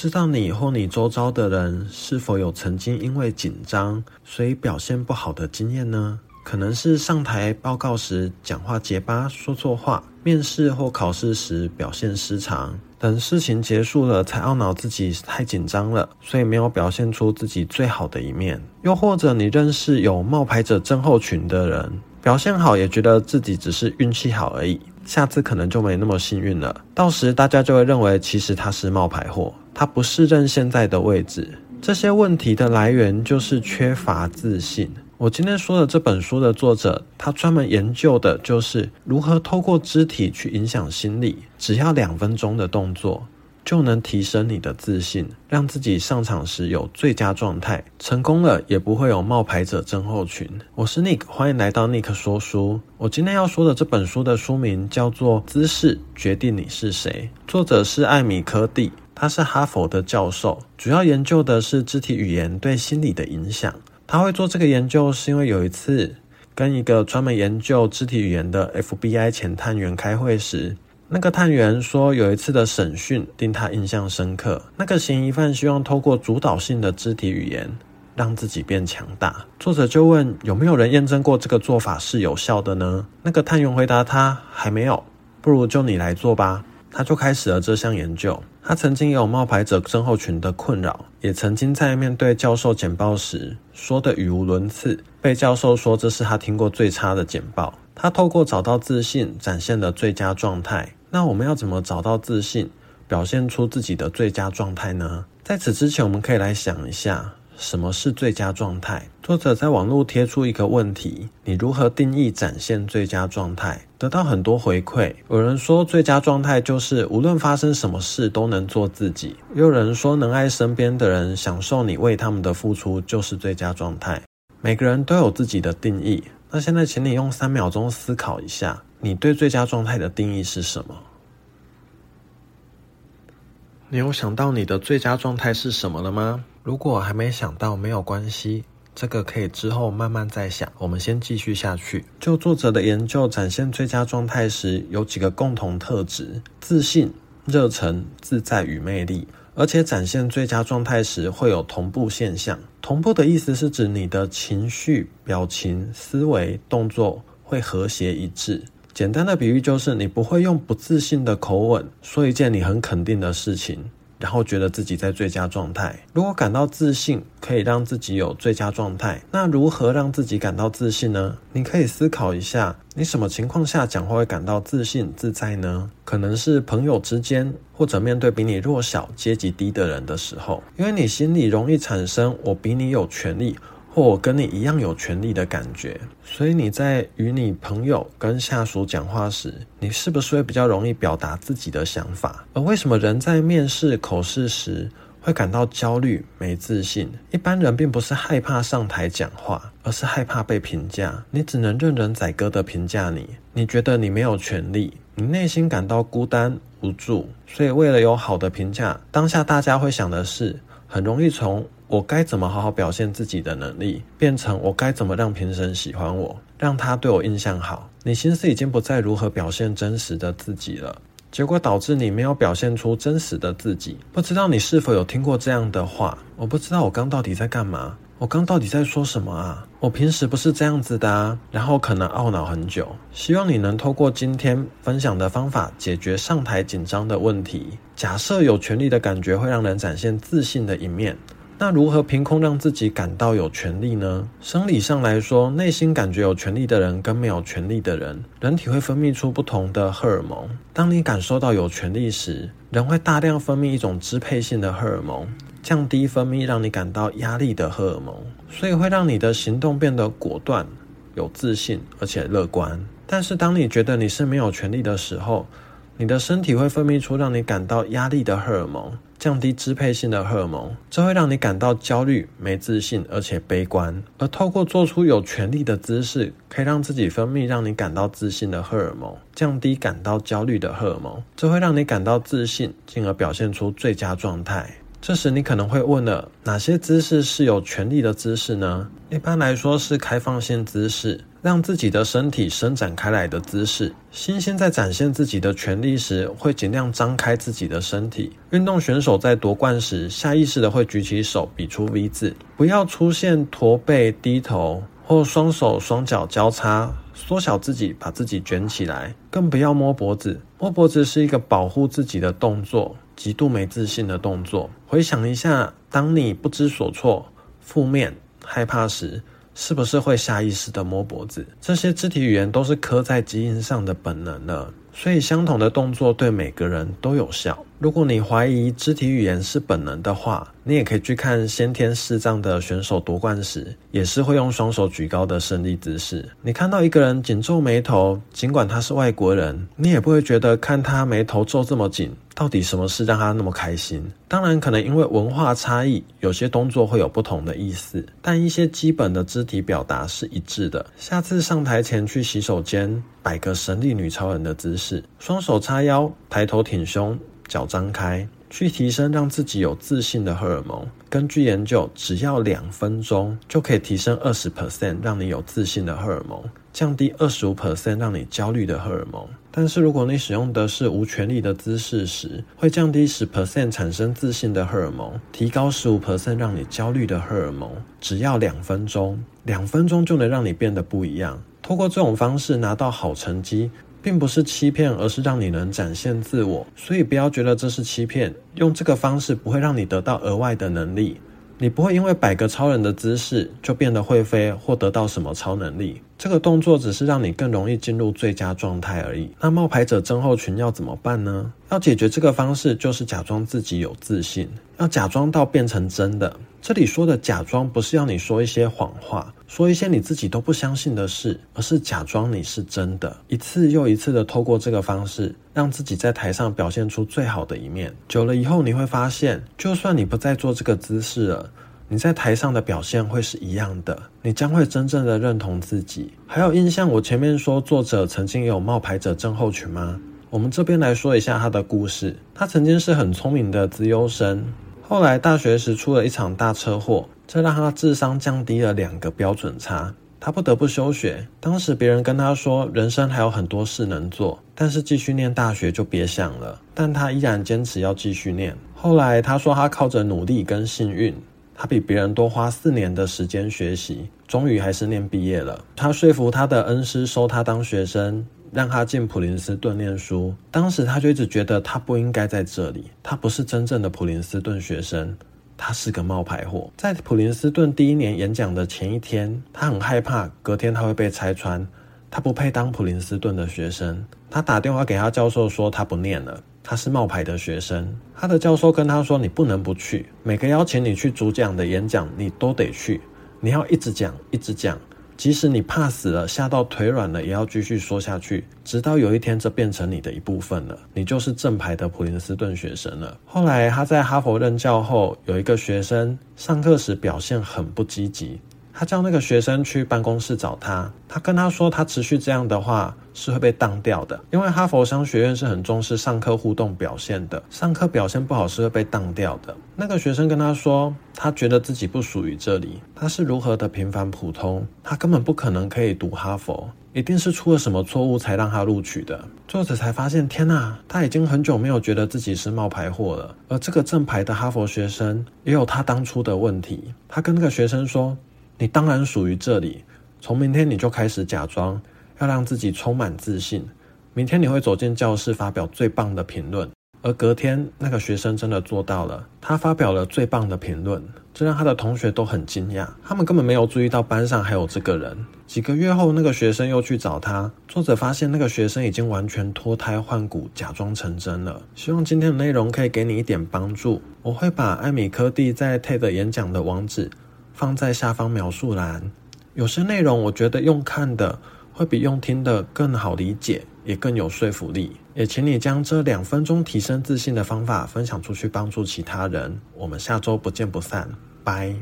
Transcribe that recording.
知道你或你周遭的人是否有曾經因為緊張所以表現不好的經驗呢？可能是上台報告時講話結巴、說錯話；面試或考試時表現失常，等事情結束了才懊惱自己太緊張了，所以沒有表現出自己最好的一面。又或者你認識有冒牌者症候群的人，表現好也覺得自己只是運氣好而已，下次可能就沒那麼幸運了。到時大家就會認為其實他是冒牌貨。他不適任現在的位置，這些問題的來源就是缺乏自信。我今天說的這本書的作者，他專門研究的就是如何透過肢體去影響心理，只要兩分鐘的動作就能提升你的自信，讓自己上場時有最佳狀態，成功了也不會有冒牌者症候群。我是 Nick，歡迎來到 Nick 說書。我今天要說的這本書的書名叫做《姿勢決定你是誰》，作者是艾米柯蒂。他是哈佛的教授，主要研究的是肢體語言對心理的影響。他會做這個研究，是因為有一次跟一個專門研究肢體語言的 FBI 前探員開會時，那個探員說有一次的審訊令他印象深刻。那個嫌疑犯希望透過主導性的肢體語言讓自己變強大。作者就問有沒有人驗證過這個做法是有效的呢？那個探員回答他還沒有，不如就你來做吧。他就開始了這項研究。他曾經有冒牌者症候群的困擾，也曾經在面對教授簡報時說得語無倫次，被教授說這是他聽過最差的簡報。他透過找到自信，展現了最佳狀態。那我們要怎麼找到自信，表現出自己的最佳狀態呢？在此之前，我們可以來想一下。什麼是最佳狀態？作者在網絡貼出一個問題：你如何定義展現最佳狀態？得到很多回饋。有人說，最佳狀態就是無論發生什麼事都能做自己；也有人說，能愛身邊的人，享受你為他們的付出就是最佳狀態。每個人都有自己的定義。那現在，請你用三秒鐘思考一下，你對最佳狀態的定義是什麼？你有想到你的最佳狀態是什麼了嗎？如果還沒想到，沒有關係，這個可以之後慢慢再想。我們先繼續下去。就作者的研究，展現最佳狀態時，有幾個共同特質：自信、熱忱、自在與魅力。而且，展現最佳狀態時會有同步現象。同步的意思是指你的情緒、表情、思維、動作會和諧一致。簡單的比喻就是，你不會用不自信的口吻說一件你很肯定的事情。然後覺得自己在最佳狀態。如果感到自信，可以讓自己有最佳狀態。那如何讓自己感到自信呢？你可以思考一下，你什麼情況下講話會，會感到自信自在呢？可能是朋友之間，或者面對比你弱小、階級低的人的時候，因為你心裡容易產生“我比你有權利”。或我跟你一樣有權利的感覺，所以你在與你朋友跟下屬講話時，你是不是會比較容易表達自己的想法？而為什麼人在面試口試時會感到焦慮、沒自信？一般人並不是害怕上台講話，而是害怕被評價。你只能任人宰割的評價你。你覺得你沒有權利，你內心感到孤單無助，所以為了有好的評價，當下大家會想的是，很容易從。我該怎麼好好表現自己的能力？變成我該怎麼讓評審喜歡我，讓他對我印象好？你心思已經不在如何表現真實的自己了，結果導致你沒有表現出真實的自己。不知道你是否有聽過這樣的話？我不知道我剛到底在幹嘛？我剛到底在說什麼啊？我平時不是這樣子的啊。然後可能懊惱很久。希望你能透過今天分享的方法解決上台緊張的問題。假設有權力的感覺會讓人展現自信的一面。那如何憑空讓自己感到有權力呢？生理上來說，內心感覺有權力的人跟沒有權力的人，人體會分泌出不同的荷爾蒙。當你感受到有權力時，人會大量分泌一種支配性的荷爾蒙，降低分泌讓你感到壓力的荷爾蒙，所以會讓你的行動變得果斷、有自信而且樂觀。但是當你覺得你是沒有權力的時候，你的身體會分泌出讓你感到壓力的荷爾蒙，降低支配性的荷爾蒙，這會讓你感到焦慮、沒自信，而且悲觀。而透過做出有權力的姿勢，可以讓自己分泌讓你感到自信的荷爾蒙，降低感到焦慮的荷爾蒙，這會讓你感到自信，進而表現出最佳狀態。這時你可能會問了，哪些姿勢是有權力的姿勢呢？一般來說是開放性姿勢。讓自己的身體伸展開來的姿勢。新鮮在展現自己的權力時，會盡量張開自己的身體。運動選手在奪冠時，下意識的會舉起手比出 V 字。不要出現駝背、低頭或雙手雙腳交叉，縮小自己，把自己捲起來。更不要摸脖子，摸脖子是一個保護自己的動作，極度沒自信的動作。回想一下，當你不知所措、負面、害怕時，是不是會下意識地摸脖子？這些肢體語言都是刻在基因上的本能呢，所以相同的動作對每個人都有效。如果你懷疑肢體語言是本能的話，你也可以去看先天視障的選手奪冠時，也是會用雙手舉高的勝利姿勢。你看到一個人緊皺眉頭，儘管他是外國人，你也不會覺得看他眉頭皺這麼緊，到底什麼事讓他那麼開心？當然，可能因為文化差異，有些動作會有不同的意思，但一些基本的肢體表達是一致的。下次上台前去洗手間，擺個神力女超人的姿勢，雙手叉腰，抬頭挺胸。腳張開，去提升讓自己有自信的荷爾蒙。根據研究，只要兩分鐘就可以提升二十 percent 讓你有自信的荷爾蒙，降低二十五 percent 讓你焦慮的荷爾蒙。但是如果你使用的是無權力的姿勢時，會降低十 percent 產生自信的荷爾蒙，提高十五 percent 讓你焦慮的荷爾蒙。只要兩分鐘，兩分鐘就能讓你變得不一樣。透過這種方式拿到好成績。並不是欺騙，而是讓你能展現自我，所以不要覺得這是欺騙。用這個方式不會讓你得到額外的能力，你不會因為擺個超人的姿勢就變得會飛或得到什麼超能力。這個動作只是讓你更容易進入最佳狀態而已。那冒牌者症候群要怎麼辦呢？要解決這個方式，就是假裝自己有自信，要假裝到變成真的。這裡說的假裝，不是要你說一些謊話。說一些你自己都不相信的事，而是假裝你是真的，一次又一次的透過這個方式，讓自己在台上表現出最好的一面。久了以後，你會發現，就算你不再做這個姿勢了，你在台上的表現會是一樣的。你將會真正的認同自己。還有印象？我前面說作者曾經也有冒牌者症候群嗎？我們這邊來說一下他的故事。他曾經是很聰明的資優生，後來大學時出了一場大車禍。這讓他智商降低了兩個標準差，他不得不休學。當時別人跟他說，人生還有很多事能做，但是繼續念大學就別想了。但他依然堅持要繼續念。後來他說，他靠着努力跟幸運，他比別人多花四年的時間學習，終於還是念畢業了。他說服他的恩師收他當學生，讓他進普林斯頓念書。當時他就一直覺得他不應該在這裡，他不是真正的普林斯頓學生。他是個冒牌貨。在普林斯頓第一年演講的前一天，他很害怕隔天他會被拆穿，他不配當普林斯頓的學生。他打電話給他教授說他不念了，他是冒牌的學生。他的教授跟他說：“你不能不去，每個邀請你去主講的演講，你都得去，你要一直講，一直講。”即使你怕死了，嚇到腿軟了，也要繼續說下去，直到有一天這變成你的一部分了，你就是正牌的普林斯頓學生了。後來他在哈佛任教後，有一個學生上課時表現很不積極。他叫那個學生去辦公室找他，他跟他說，他持續這樣的話是會被當掉的，因為哈佛商學院是很重視上課互動表現的，上課表現不好是會被當掉的。那個學生跟他說，他覺得自己不屬於這裡，他是如何的平凡普通，他根本不可能可以讀哈佛，一定是出了什麼錯誤才讓他錄取的。作者才發現，天啊，他已經很久沒有覺得自己是冒牌貨了，而這個正牌的哈佛學生也有他當初的問題。他跟那個學生說。你當然屬於這裡。從明天你就開始假裝，要讓自己充滿自信。明天你會走進教室發表最棒的評論。而隔天那個學生真的做到了，他發表了最棒的評論，這讓他的同學都很驚訝，他們根本沒有注意到班上還有這個人。幾個月後，那個學生又去找他，作者發現那個學生已經完全脫胎換骨，假裝成真了。希望今天的內容可以給你一點幫助。我會把艾米柯蒂在 TED 演講的網址，放在下方描述欄。有些內容我覺得用看的會比用聽的更好理解，也更有說服力。也請你將這兩分鐘提升自信的方法分享出去，幫助其他人。我們下周不見不散，拜。